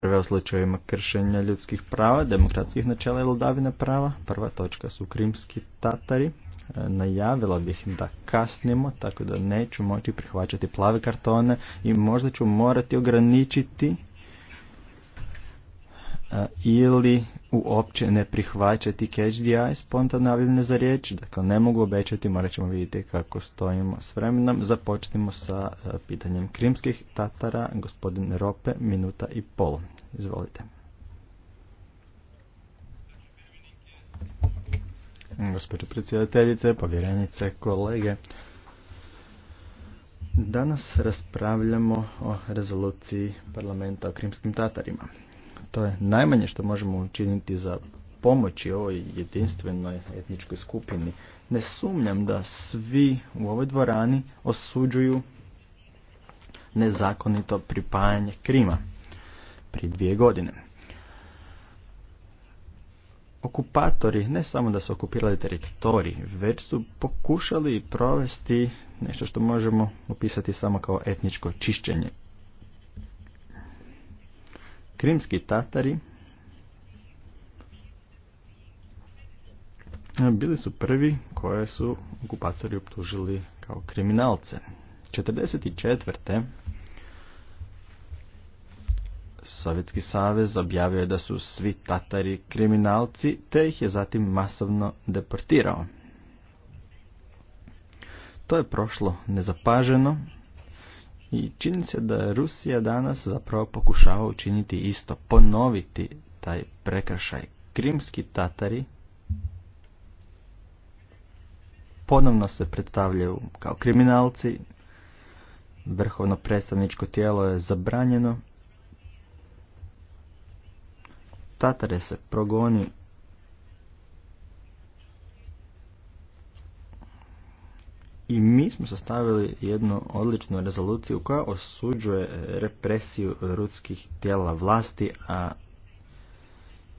prve o kršenja ljudskih prava, demokratskih načela i vladavine prava. Prva točka su krimski tatari. E, najavila bih da kasnimo, tako da neću moći prihvaćati plave kartone i možda ću morati ograničiti ili uopće ne prihvaćati catch the eye za riječ. Dakle, ne mogu obećati, morat ćemo vidjeti kako stojimo s vremenom. Započnimo sa pitanjem krimskih tatara, gospodin Rope, minuta i pol. Izvolite. Gospođo predsjedateljice, povjerenice, kolege. Danas raspravljamo o rezoluciji parlamenta o krimskim tatarima. To je najmanje što možemo učiniti za pomoći ovoj jedinstvenoj etničkoj skupini. Ne sumnjam da svi u ovoj dvorani osuđuju nezakonito pripajanje Krima prije dvije godine. Okupatori ne samo da su okupirali teritorij, već su pokušali provesti nešto što možemo opisati samo kao etničko čišćenje. Krimski Tatari bili su prvi koje su okupatori optužili kao kriminalce. 44. Sovjetski savez objavio je da su svi Tatari kriminalci, te ih je zatim masovno deportirao. To je prošlo nezapaženo, i čini se da Rusija danas zapravo pokušava učiniti isto, ponoviti taj prekršaj. Krimski Tatari ponovno se predstavljaju kao kriminalci, vrhovno predstavničko tijelo je zabranjeno, Tatare se progoni i mi smo sastavili jednu odličnu rezoluciju koja osuđuje represiju rudskih tijela vlasti, a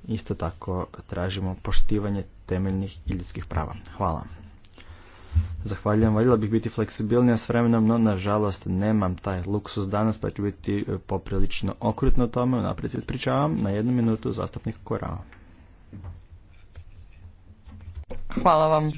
isto tako tražimo poštivanje temeljnih i ljudskih prava. Hvala. Zahvaljujem, voljela bih biti fleksibilnija s vremenom, no nažalost nemam taj luksus danas, pa ću biti e, poprilično okrutno tome, unaprijed se ispričavam, na jednu minutu zastupnik Korao. Hvala vam.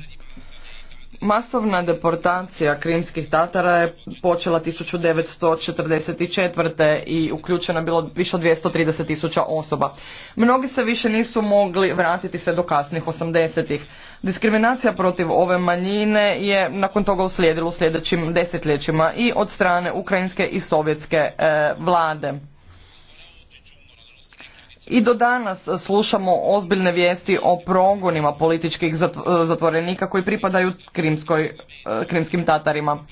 Masovna deportacija krimskih tatara je počela 1944. i uključeno je bilo više od 230 tisuća osoba. Mnogi se više nisu mogli vratiti sve do kasnih 80-ih. Diskriminacija protiv ove manjine je nakon toga uslijedila u sljedećim desetljećima i od strane ukrajinske i sovjetske e, vlade. I do danas slušamo ozbiljne vijesti o progonima političkih zatvorenika koji pripadaju krimskoj, eh, krimskim tatarima.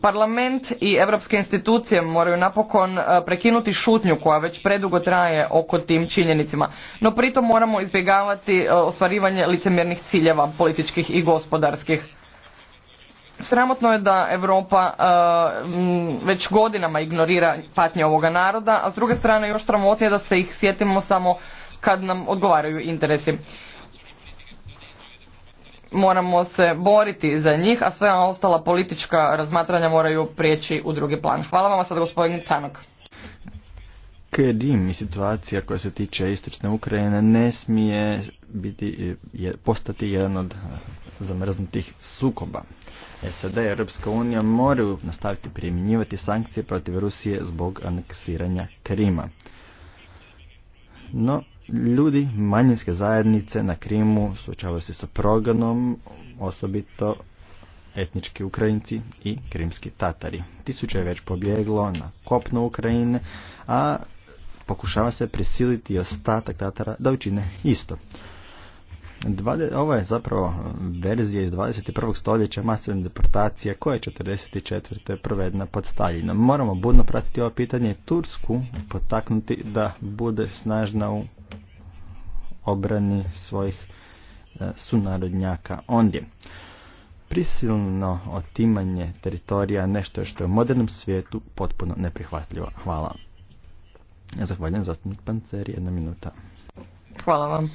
Parlament i europske institucije moraju napokon eh, prekinuti šutnju koja već predugo traje oko tim činjenicima, no pritom moramo izbjegavati eh, ostvarivanje licemjernih ciljeva političkih i gospodarskih. Sramotno je da Europa e, već godinama ignorira patnje ovoga naroda, a s druge strane još sramotnije da se ih sjetimo samo kad nam odgovaraju interesi. Moramo se boriti za njih, a sve ostala politička razmatranja moraju prijeći u drugi plan. Hvala vam sad gospodin Tanok. i situacija koja se tiče istočne Ukrajine ne smije biti, postati jedan od e, zamrznutih sukoba. SAD i Europska unija moraju nastaviti primjenjivati sankcije protiv Rusije zbog aneksiranja Krima. No, ljudi manjinske zajednice na Krimu suočavaju se sa progonom, osobito etnički Ukrajinci i krimski Tatari. Tisuće je već pobjeglo na kopno Ukrajine, a pokušava se prisiliti ostatak Tatara da učine isto. Ovo je zapravo verzija iz 21. stoljeća masovne deportacije koja je 44. provedena pod Staljinom. Moramo budno pratiti ovo pitanje Tursku potaknuti da bude snažna u obrani svojih e, sunarodnjaka ondje. Prisilno otimanje teritorija nešto što je u modernom svijetu potpuno neprihvatljivo. Hvala. Zahvaljujem zastupnik Panceri, jedna minuta. Hvala vam.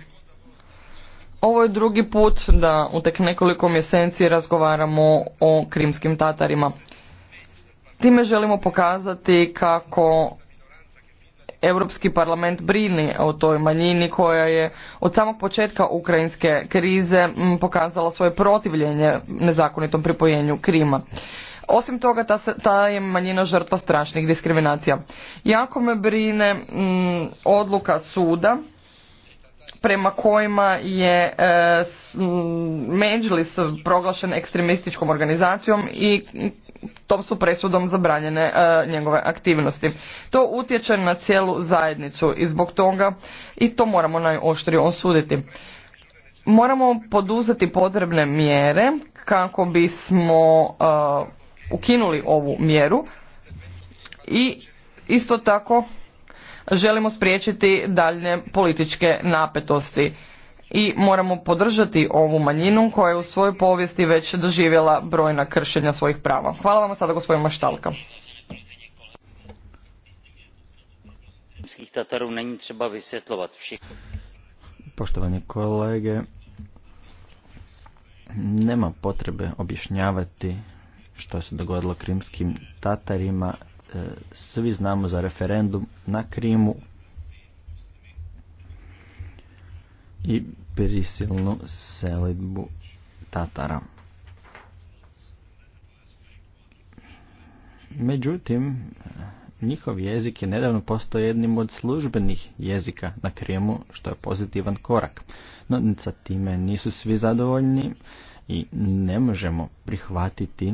Ovo je drugi put da u tek nekoliko mjeseci razgovaramo o krimskim tatarima. Time želimo pokazati kako Europski parlament brini o toj manjini koja je od samog početka ukrajinske krize pokazala svoje protivljenje nezakonitom pripojenju Krima. Osim toga, ta, je manjina žrtva strašnih diskriminacija. Jako me brine odluka suda prema kojima je e, Međlis proglašen ekstremističkom organizacijom i tom su presudom zabranjene e, njegove aktivnosti. To utječe na cijelu zajednicu i zbog toga i to moramo najoštrije osuditi. Moramo poduzeti potrebne mjere kako bismo e, ukinuli ovu mjeru i isto tako želimo spriječiti daljne političke napetosti i moramo podržati ovu manjinu koja je u svojoj povijesti već doživjela brojna kršenja svojih prava. Hvala vam sada gospodin Maštalka. Poštovani kolege, nema potrebe objašnjavati što se dogodilo krimskim tatarima svi znamo za referendum na Krimu i prisilnu selidbu Tatara. Međutim, njihov jezik je nedavno postao jednim od službenih jezika na Krimu, što je pozitivan korak. No, sa time nisu svi zadovoljni i ne možemo prihvatiti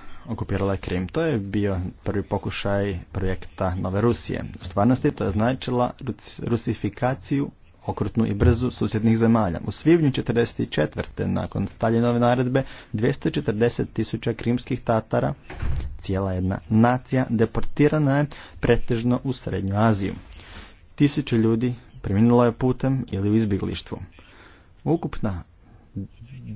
okupirala Krim. To je bio prvi pokušaj projekta Nove Rusije. U stvarnosti to je značila rusifikaciju okrutnu i brzu susjednih zemalja. U svibnju 1944. nakon Staljinove naredbe 240 tisuća krimskih tatara, cijela jedna nacija, deportirana je pretežno u Srednju Aziju. Tisuće ljudi preminulo je putem ili u izbjeglištvu. Ukupna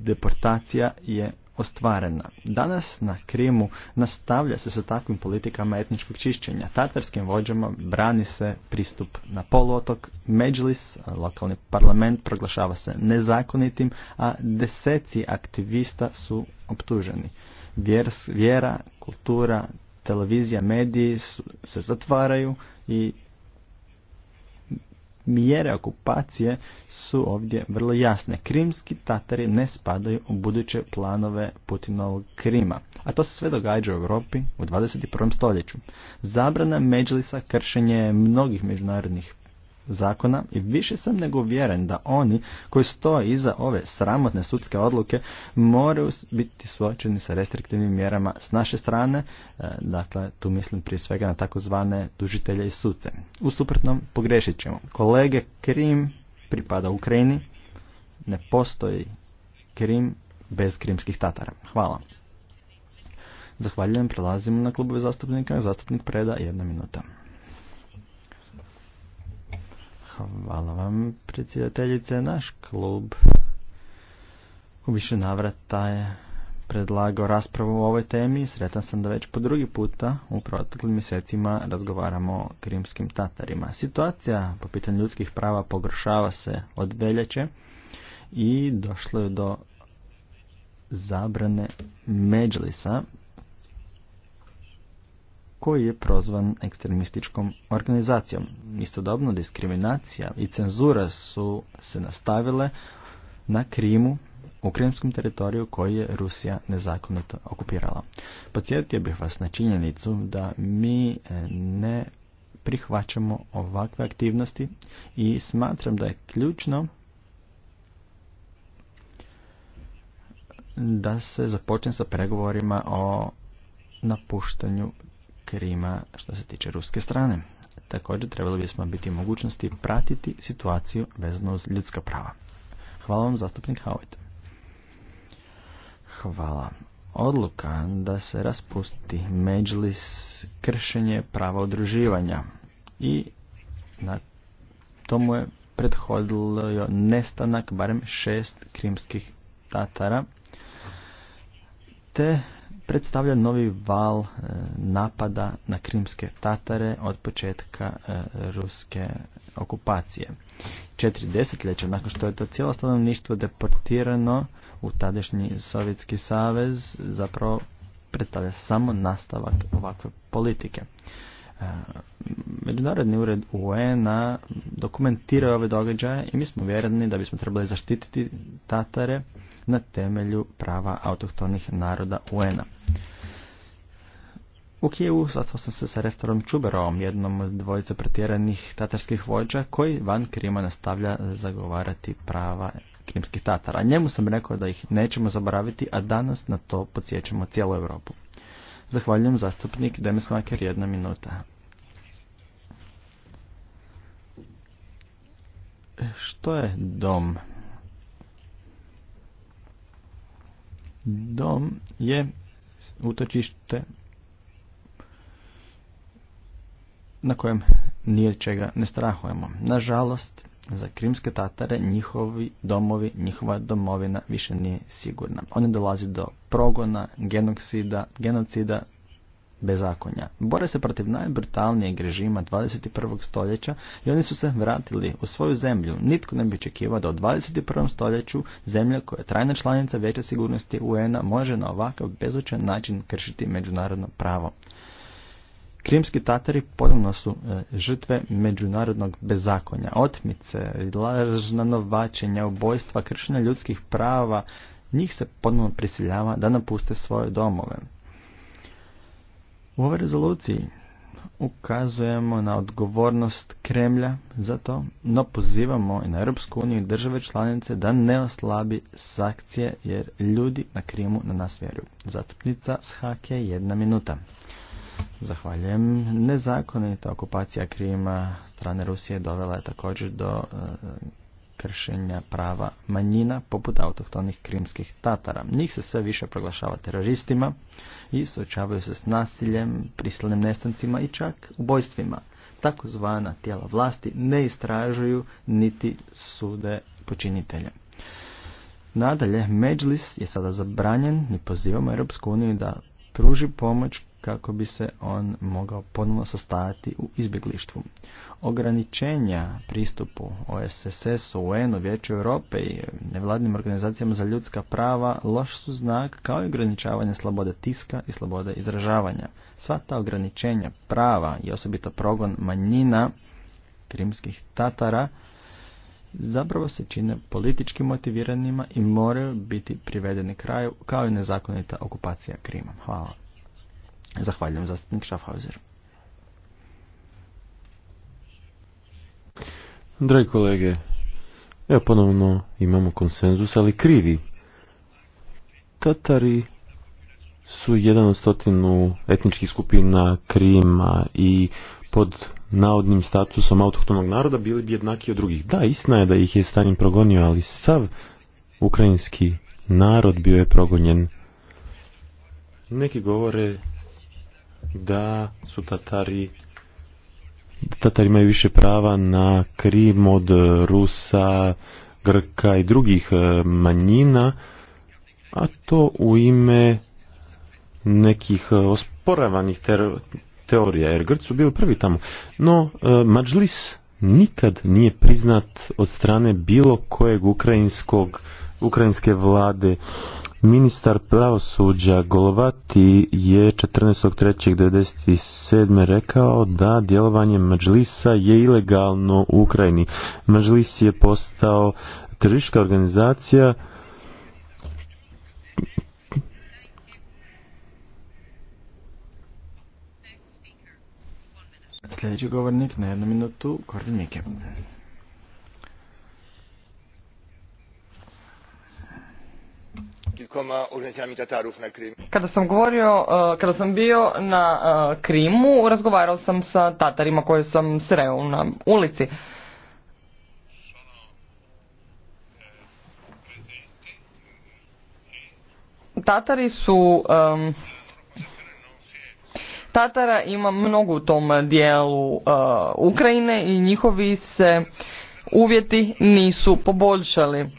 deportacija je ostvarena. Danas na Krimu nastavlja se sa takvim politikama etničkog čišćenja. Tatarskim vođama brani se pristup na poluotok, Međlis, lokalni parlament, proglašava se nezakonitim, a deseci aktivista su optuženi. vjera, kultura, televizija, mediji se zatvaraju i mjere okupacije su ovdje vrlo jasne. Krimski Tatari ne spadaju u buduće planove Putinovog Krima. A to se sve događa u Europi u 21. stoljeću. Zabrana međlisa kršenje mnogih međunarodnih zakona i više sam nego vjeren da oni koji stoje iza ove sramotne sudske odluke moraju biti suočeni sa restriktivnim mjerama s naše strane, e, dakle tu mislim prije svega na takozvane dužitelje i suce. U suprotnom pogrešit ćemo. Kolege, Krim pripada Ukrajini, ne postoji Krim bez krimskih tatara. Hvala. Zahvaljujem, prelazimo na klubove zastupnika. Zastupnik Preda, jedna minuta. Hvala vam, predsjedateljice. Naš klub u više navrata je predlagao raspravu o ovoj temi sretan sam da već po drugi puta u proteklim mjesecima razgovaramo o krimskim tatarima. Situacija po pitanju ljudskih prava pogoršava se od veljače i došlo je do zabrane međlisa koji je prozvan ekstremističkom organizacijom. Istodobno diskriminacija i cenzura su se nastavile na Krimu, krimskom teritoriju koji je Rusija nezakonito okupirala. Podsjetio bih vas na činjenicu da mi e, ne prihvaćamo ovakve aktivnosti i smatram da je ključno da se započne sa pregovorima o napuštanju Krima što se tiče ruske strane. Također trebali bismo biti u mogućnosti pratiti situaciju vezano uz ljudska prava. Hvala vam zastupnik Howitt. Hvala. Odluka da se raspusti međlis kršenje prava odruživanja i na tomu je prethodilo nestanak barem šest krimskih tatara te predstavlja novi val e, napada na krimske tatare od početka e, ruske okupacije. Četiri desetljeća nakon što je to cijelo stanovništvo deportirano u tadašnji Sovjetski savez zapravo predstavlja samo nastavak ovakve politike. Eh, Međunarodni ured UN-a dokumentirao ove događaje i mi smo vjereni da bismo trebali zaštititi Tatare na temelju prava autohtonih naroda UN-a. U Kijevu sastao sam se sa Reftorom Čuberom, jednom od dvojice pretjeranih tatarskih vođa koji van Krima nastavlja zagovarati prava krimskih tatara. Njemu sam rekao da ih nećemo zaboraviti, a danas na to podsjećamo cijelu Europu. Zahvaljujem zastupnik Maker, jedna minuta. Što je dom? Dom je utočište na kojem nije čega ne strahujemo. Nažalost, za krimske tatare njihovi domovi, njihova domovina više nije sigurna. Oni dolazi do progona, genoksida, genocida, bezakonja. Bore se protiv najbrutalnijeg režima 21. stoljeća i oni su se vratili u svoju zemlju. Nitko ne bi očekivao da u 21. stoljeću zemlja koja je trajna članica Vijeća sigurnosti UN-a može na ovakav bezočan način kršiti međunarodno pravo. Krimski Tatari ponovno su e, žrtve međunarodnog bezakonja, otmice, lažna novačenja, ubojstva, kršenja ljudskih prava, njih se ponovno prisiljava da napuste svoje domove. U ovoj rezoluciji ukazujemo na odgovornost Kremlja za to, no pozivamo i na Europsku uniju i države članice da ne oslabi sankcije jer ljudi na Krimu na nas vjeruju. Zastupnica s Hake jedna minuta. Zahvaljujem. Nezakonita okupacija Krima strane Rusije dovela je također do e, kršenja prava manjina poput autohtonih krimskih tatara. Njih se sve više proglašava teroristima i suočavaju se s nasiljem, prisilnim nestancima i čak ubojstvima. Takozvana tijela vlasti ne istražuju niti sude počinitelje. Nadalje, Međlis je sada zabranjen i pozivamo Europsku uniju da pruži pomoć kako bi se on mogao ponovno sastajati u izbjeglištvu. Ograničenja pristupu OSSS-u, UN-u, Vijeću Europe i nevladnim organizacijama za ljudska prava loš su znak kao i ograničavanje slobode tiska i slobode izražavanja. Sva ta ograničenja prava i osobito progon manjina krimskih tatara zapravo se čine politički motiviranima i moraju biti privedeni kraju kao i nezakonita okupacija Krima. Hvala. Zahvaljujem zastupnik Šafhauser. Dragi kolege, evo ponovno imamo konsenzus, ali krivi. Tatari su jedan od stotinu etničkih skupina Krima i pod naodnim statusom autohtonog naroda bili bi jednaki od drugih. Da, istina je da ih je stanim progonio, ali sav ukrajinski narod bio je progonjen. Neki govore da su Tatari Tatari imaju više prava na Krim od Rusa, Grka i drugih e, manjina, a to u ime nekih e, osporavanih teorija, jer Grci su bili prvi tamo. No, e, Mađlis nikad nije priznat od strane bilo kojeg ukrajinskog ukrajinske vlade. Ministar pravosuđa Golovati je 14.3.1997. rekao da djelovanje Mađlisa je ilegalno u Ukrajini. Mađlis je postao teroristička organizacija Sljedeći govornik minutu, na Kada sam govorio, e, kada sam bio na e, Krimu, razgovarao sam sa Tatarima koje sam sreo na ulici. Tatari su... Tatara ima mnogo u tom dijelu e, Ukrajine i njihovi se uvjeti nisu poboljšali.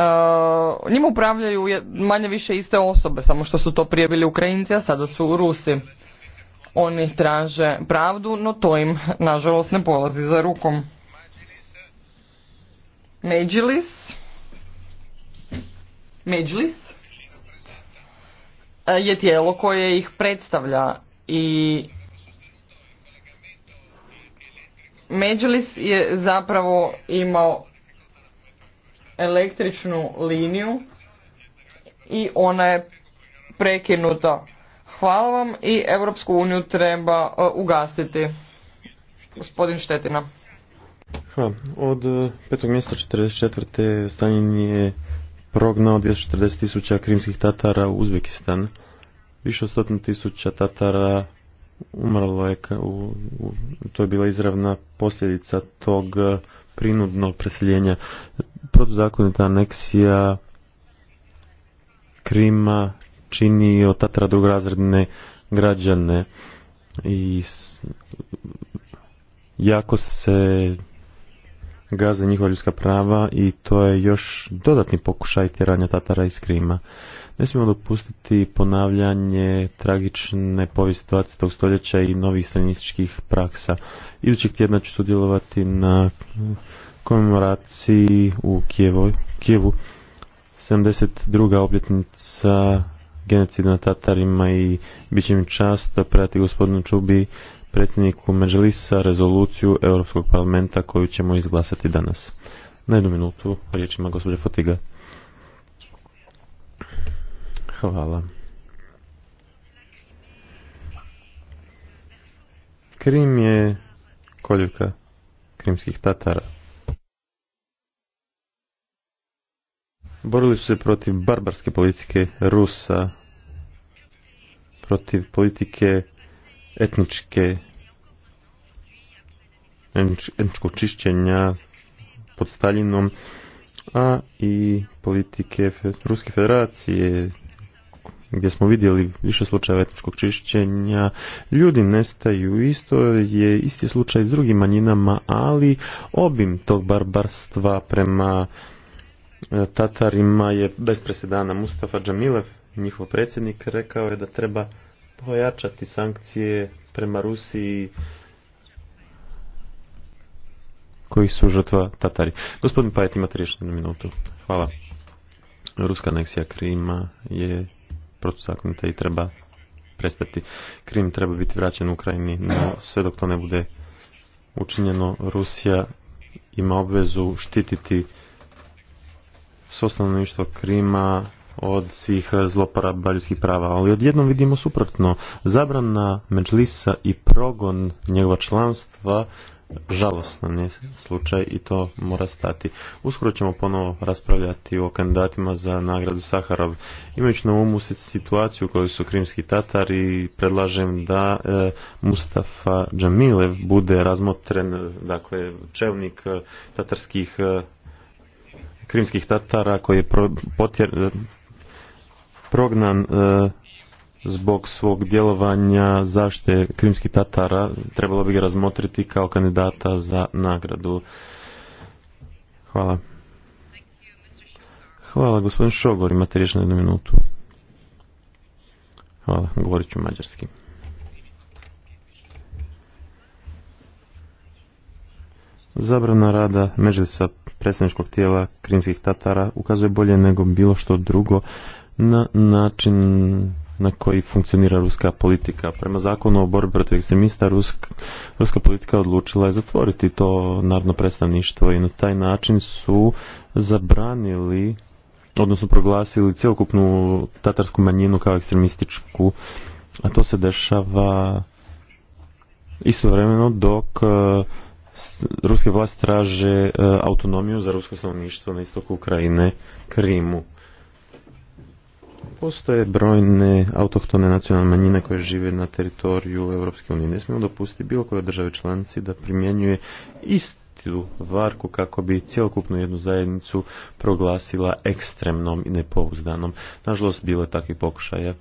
Uh, njim upravljaju manje više iste osobe, samo što su to prije bili Ukrajinci, a sada su Rusi. Oni traže pravdu, no to im nažalost ne polazi za rukom. Međilis uh, je tijelo koje ih predstavlja i Međilis je zapravo imao električnu liniju i ona je prekinuta. Hvala vam i Europsku uniju treba e, ugasiti. Gospodin Štetina. Ha, od 5. E, mjesta 44. Stanin je prognao 240 tisuća krimskih tatara u Uzbekistan. Više od 100 tisuća tatara umrlo je, to je bila izravna posljedica tog e, prinudnog preseljenja, protuzakonita aneksija Krima čini od Tatara drugorazredne građane i jako se gaze njihova ljudska prava i to je još dodatni pokušaj tjeranja Tatara iz Krima. Ne smijemo dopustiti ponavljanje tragične povijesti 20. stoljeća i novih stranističkih praksa. Idućeg tjedna ću sudjelovati na komemoraciji u Kijevu, Kijevu 72. obljetnica genocida na Tatarima i bit će mi čast prati gospodinu Čubi predsjedniku Međelisa rezoluciju Europskog parlamenta koju ćemo izglasati danas. Na jednu minutu riječ ima gospođa Fotiga. Hvala. Krim je koljuka krimskih tatara. Borili su se protiv barbarske politike Rusa, protiv politike etničke etničkog čišćenja pod Stalinom, a i politike Ruske federacije gdje smo vidjeli više slučajeva etničkog čišćenja, ljudi nestaju isto, je isti slučaj s drugim manjinama, ali obim tog barbarstva prema e, Tatarima je bez presedana Mustafa Džamilev, njihov predsjednik, rekao je da treba pojačati sankcije prema Rusiji koji su žrtva Tatari. Gospodin Pajet, imate na minutu. Hvala. Ruska aneksija Krima je protuzakonita i treba prestati. Krim treba biti vraćen Ukrajini, no sve dok to ne bude učinjeno, Rusija ima obvezu štititi s Krima od svih zloporaba ljudskih prava, ali odjednom vidimo suprotno. Zabrana Međlisa i progon njegova članstva žalostan slučaj i to mora stati. Uskoro ćemo ponovo raspravljati o kandidatima za nagradu Saharov. Imajući na umu situaciju u kojoj su krimski tatari, predlažem da e, Mustafa Džamilev bude razmotren, dakle, čelnik e, tatarskih e, krimskih tatara koji je prognan zbog svog djelovanja zaštite krimskih tatara trebalo bi ga razmotriti kao kandidata za nagradu. Hvala. Hvala, gospodin Šogor, imate riječ na jednu minutu. Hvala, govorit ću mađarski. Zabrana rada međusa predstavničkog tijela krimskih tatara ukazuje bolje nego bilo što drugo na način na koji funkcionira ruska politika. Prema zakonu o borbi protiv ekstremista ruska, politika odlučila je zatvoriti to narodno predstavništvo i na taj način su zabranili odnosno proglasili cjelokupnu tatarsku manjinu kao ekstremističku, a to se dešava istovremeno dok e, ruske vlasti traže e, autonomiju za rusko stanovništvo na istoku Ukrajine, Krimu. Postoje brojne autohtone nacionalne manjine koje žive na teritoriju Europske unije. Ne smijemo dopustiti bilo koje države članici da primjenjuje istu varku kako bi cjelokupnu jednu zajednicu proglasila ekstremnom i nepouzdanom. Nažalost, bilo je takvih pokušaja.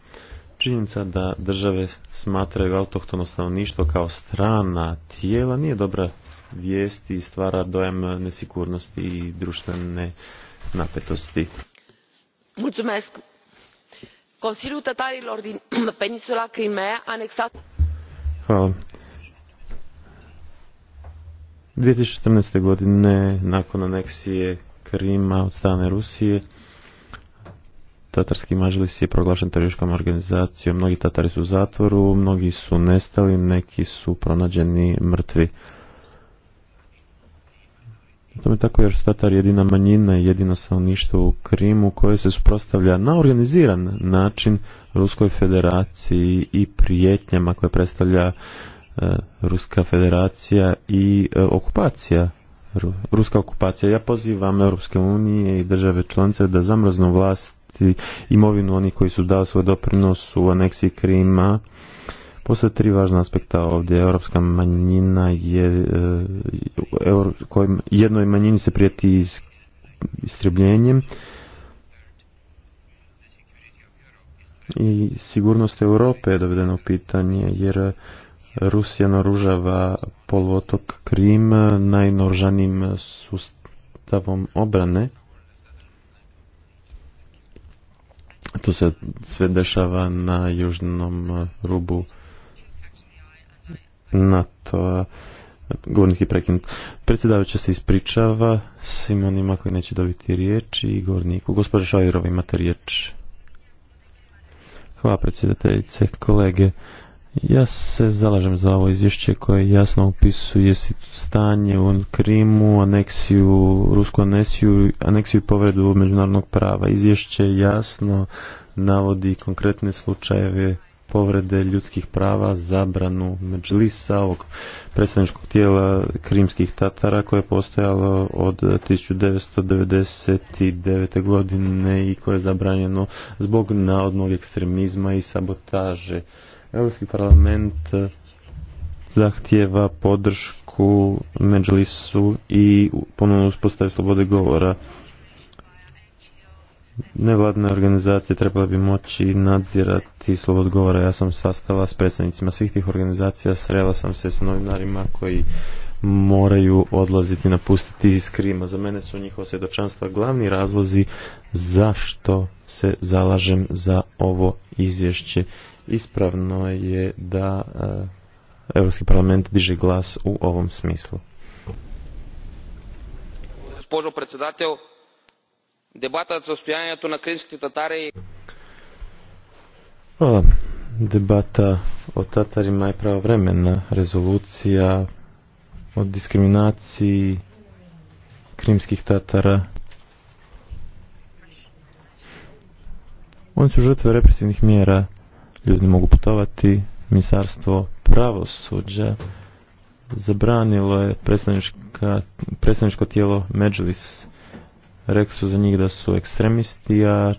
Činjenica da države smatraju autohtono stanovništvo kao strana tijela nije dobra vijest i stvara dojam nesigurnosti i društvene napetosti. Mulțumesc consiliul tătarilor din peninsula crimeea anexat. Hvala. 2014. godine, nakon aneksije Krima od strane Rusije, Tatarski mažlis je proglašen terorističkom organizacijom. Mnogi Tatari su u zatvoru, mnogi su nestali, neki su pronađeni mrtvi je tako jer su Tatar jedina manjina i jedino stanovništvo u Krimu koje se suprotstavlja na organiziran način Ruskoj federaciji i prijetnjama koje predstavlja e, Ruska federacija i e, okupacija ruska okupacija. Ja pozivam Europske unije i države članice da zamrznu vlasti imovinu onih koji su dali svoj doprinos u aneksiji Krima Postoje tri važna aspekta ovdje. Europska manjina je, e, jednoj manjini se prijeti istrebljenjem i sigurnost Europe je dovedena u pitanje jer Rusija naružava poluotok Krim najnoržanim sustavom obrane. To se sve dešava na južnom rubu NATO govornik je prekinut. Predsjedavajuća se ispričava svim onima koji neće dobiti riječ i govorniku. Gospođa Šajrova imate riječ. Hvala predsjedateljice, kolege. Ja se zalažem za ovo izvješće koje jasno upisuje stanje u Krimu, aneksiju, rusku aneksiju, aneksiju povredu međunarodnog prava. Izvješće jasno navodi konkretne slučajeve povrede ljudskih prava, zabranu Međlisa, ovog predstavničkog tijela krimskih tatara koje je postojalo od 1999. godine i koje je zabranjeno zbog naodnog ekstremizma i sabotaže. Europski parlament zahtjeva podršku Međlisu i ponovno uspostavi slobode govora nevladne organizacije trebale bi moći nadzirati slovo govora. Ja sam sastala s predstavnicima svih tih organizacija, srela sam se s novinarima koji moraju odlaziti, napustiti iz Krima. Za mene su njihova svjedočanstva glavni razlozi zašto se zalažem za ovo izvješće. Ispravno je da e, Europski parlament diže glas u ovom smislu. Spožo predsjedatelj, Debata za tu na krimski tatari... Hvala. Debata o Tatarima je pravovremena rezolucija o diskriminaciji krimskih Tatara. Oni su žrtve represivnih mjera. Ljudi mogu putovati. Ministarstvo pravosuđa zabranilo je predstavničko tijelo Međulis Rekli su za njih da su ekstremisti, a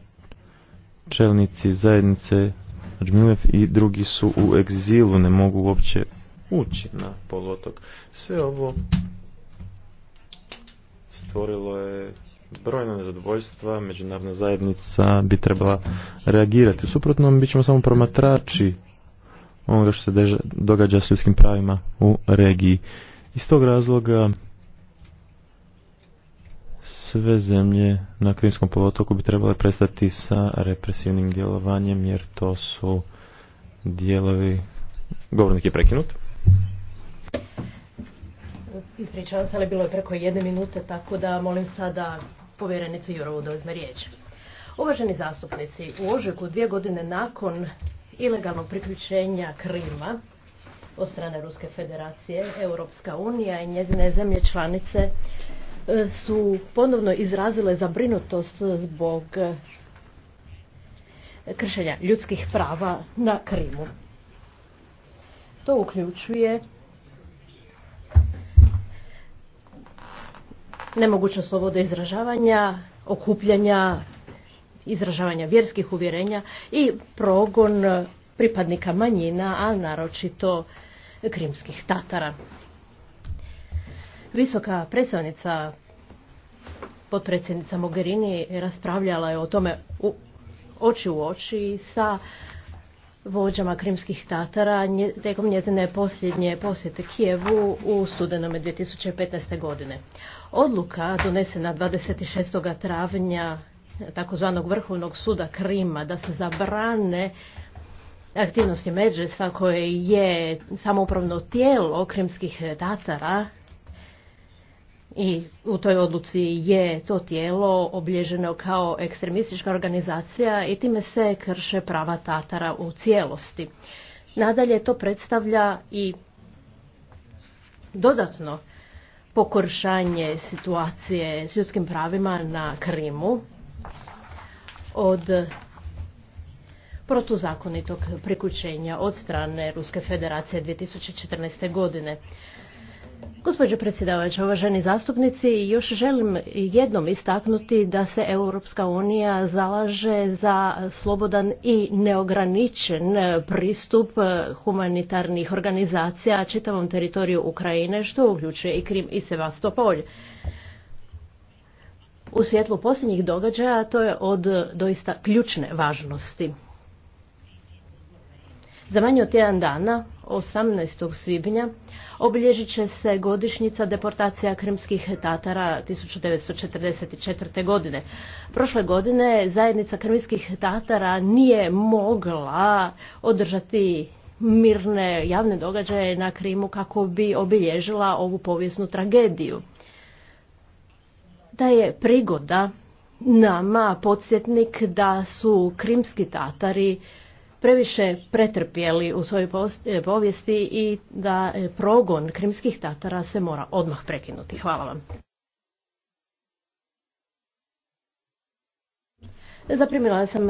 čelnici zajednice Džmilev i drugi su u egzilu, ne mogu uopće ući na polotok. Sve ovo stvorilo je brojna nezadovoljstva, međunarodna zajednica bi trebala reagirati. U suprotnom, bit ćemo samo promatrači onoga što se događa s ljudskim pravima u regiji. Iz tog razloga sve zemlje na Krimskom polotoku bi trebale prestati sa represivnim djelovanjem jer to su dijelovi... Govornik je prekinut. Ispričavam se, ali bilo je preko jedne minute, tako da molim sada povjerenicu Jurovu da uzme riječ. Uvaženi zastupnici, u ožujku dvije godine nakon ilegalnog priključenja Krima od strane Ruske federacije, Europska unija i njezine zemlje članice su ponovno izrazile zabrinutost zbog eh, kršenja ljudskih prava na Krimu. To uključuje nemogućnost slobode izražavanja, okupljanja, izražavanja vjerskih uvjerenja i progon pripadnika manjina, a naročito krimskih tatara. Visoka predstavnica potpredsjednica Mogherini raspravljala je o tome u, oči u oči sa vođama krimskih tatara tijekom njezine posljednje posjete Kijevu u studenome 2015. godine. Odluka donesena 26. travnja takozvanog Vrhovnog suda Krima da se zabrane aktivnosti Međesa koje je samoupravno tijelo krimskih tatara i u toj odluci je to tijelo obilježeno kao ekstremistička organizacija i time se krše prava Tatara u cijelosti. Nadalje to predstavlja i dodatno pokoršanje situacije s ljudskim pravima na Krimu od protuzakonitog priključenja od strane Ruske federacije 2014. godine. Gospođo predsjedavajuća, uvaženi zastupnici, još želim jednom istaknuti da se Europska unija zalaže za slobodan i neograničen pristup humanitarnih organizacija čitavom teritoriju Ukrajine, što uključuje i Krim i Sevastopol. U svjetlu posljednjih događaja to je od doista ključne važnosti. Za manje od tjedan dana, 18. svibnja, obilježit će se godišnjica deportacija krimskih tatara 1944. godine. Prošle godine zajednica krimskih tatara nije mogla održati mirne javne događaje na Krimu kako bi obilježila ovu povijesnu tragediju. Da je prigoda nama podsjetnik da su krimski tatari previše pretrpjeli u svojoj e, povijesti i da e, progon krimskih tatara se mora odmah prekinuti. Hvala vam. Zaprimila sam